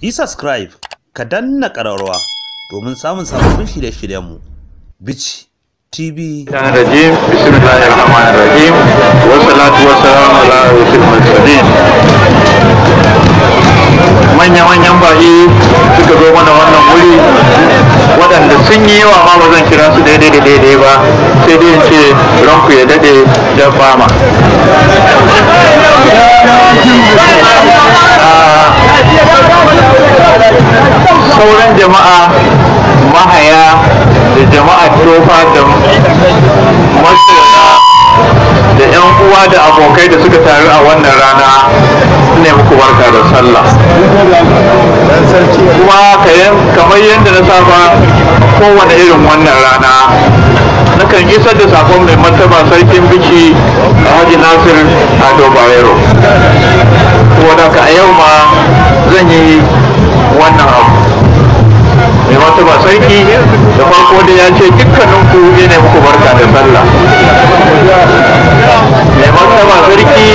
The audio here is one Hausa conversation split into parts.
yi subscribe ka danna ƙararrawa domin samun sababbin shirye-shiryenmu bici tv manya manyan bayi suka zo mana wannan wuri waɗanda sun yi yawa ma ba zan kira su daidai da daidai ba sai dai ce ranku ya daɗe jan fama jama'a mahaya da jama'a tofa da masana da 'yan uwa da abokai da suka taru a wannan rana ne muku barka da sallah kuma kamar yadda na saba kowane irin wannan rana na kan isar da sakon mai martaba sarkin biki a hajji nasir ado bayero wani ya ce dukkanin ku ne muku barka da sallah mai sama sarki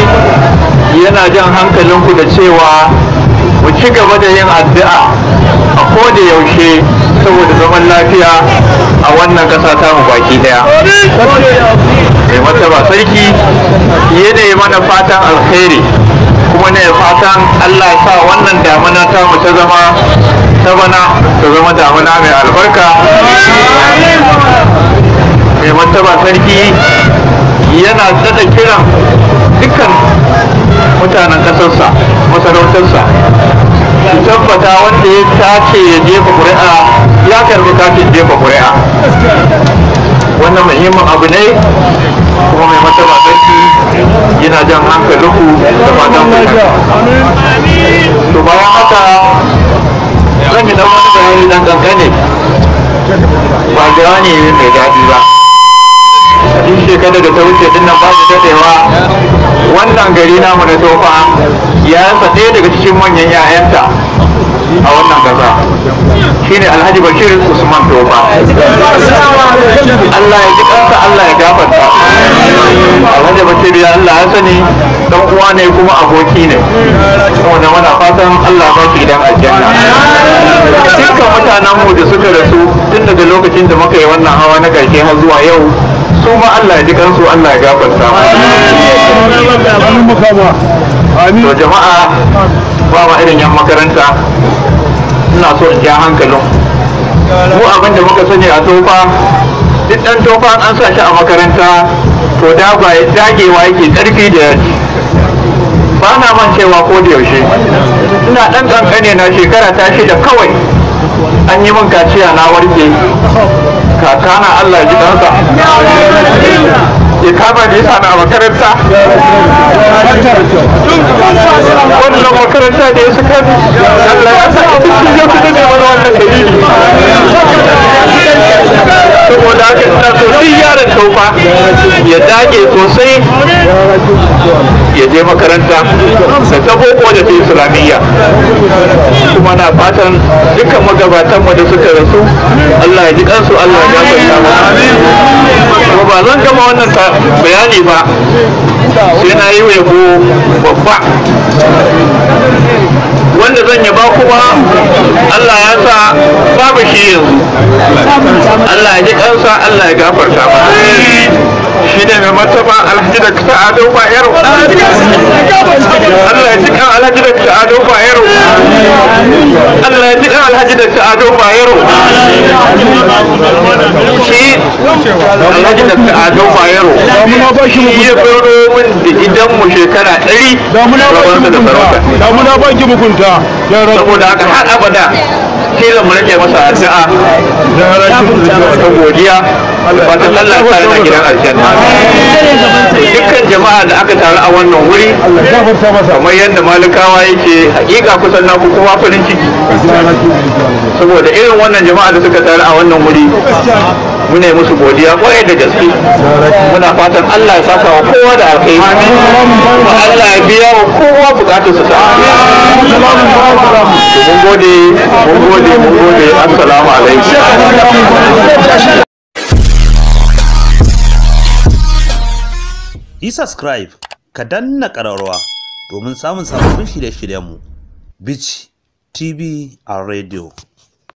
yana jan hankalinku da cewa mu ci gaba da yin addu'a a da yaushe saboda zaman lafiya a wannan kasa ta mu baki daya mai mataba sarki yana yi mana fatan alkhairi kuma ne fatan Allah sa wannan damana ta mu ta zama ta bana ta zama damana mai albarka in tabbata wanda ya tace ya jefa ƙuri'a ya karbi katin jefa ƙuri'a wannan muhimmin abu ne kuma mai martaba sarki yana jan hankali ku da fatan to bayan haka zan yi dan wani bayani dan kankane ba jawa ne mai daɗi ba cikin shekarar da ta wuce din nan ba da dadewa wannan gari namu na tofa ya rasa ɗaya daga cikin manyan 'ya'yanta a wannan Shi shine alhaji bashir usman tofa allah ya ji kansa allah ya gafarta alhaji bashir ya allah ya sani dan uwa ne kuma aboki ne saboda mana fatan allah ba shi gidan aljanna dukkan mutanenmu da suka rasu tun daga lokacin da muka yi wannan hawa na karshe har zuwa yau su ma Allah ya ji kansu Allah ya gafarta to jama'a ba ma irin yan makaranta ina so in ja hankalin mu abin da muka sani a tofa duk dan tofa an sa shi a makaranta to da ba ya dagewa yake karfi da yaji ba na man cewa ko da yaushe ina dan kankane na shekara ta shida kawai an yi min kaciya na warke kaka na Allah ya ji ɗansa ya kama da yasa na makaranta wannan makaranta da ya su kan Allah ya sa ita ce ya fi da wannan dalili saboda haka ina so duk yaron taufa ya dage sosai ya je makaranta da ta boko da ta islamiyya kuma na fatan dukkan magabatan mu da suka rasu Allah ya ji kansu Allah ya gafarta mu kuma ba zan gama wannan bayani ba sai na yi yabo babba wanda zan yaba kuma Allah ya sa babu shi yanzu Allah ya ji kansa Allah ya gafarta ba shi ne mai martaba alhaji da ta ado ba yaro Allah ya ji kan alhaji da ta ado ba Allah ya ji ɗan alhaji da ado yaro. shi alhaji da ado bayero shi ya bayero min da gidanmu shekara ɗari rabarsa da sarauta damuna baki mugunta saboda haka har abada kila mu rage masa addu'a ta godiya albarkar Allah ta rana gidan aljanna dukkan jama'a da aka taru a wannan wuri kamar yadda malikawa yake hakika kusan na ku kowa farin ciki saboda irin wannan jama'a da suka taru a wannan wuri muna musu godiya kwarai da gaske muna fatan Allah ya saka wa kowa da alkhairi kuma Allah ya biya wa kowa bukatun su ta mun gode mun gode mun gode assalamu alaikum yi subscribe ka danna ƙararrawa domin samun sababbin shirye-shiryenmu bici tv a radio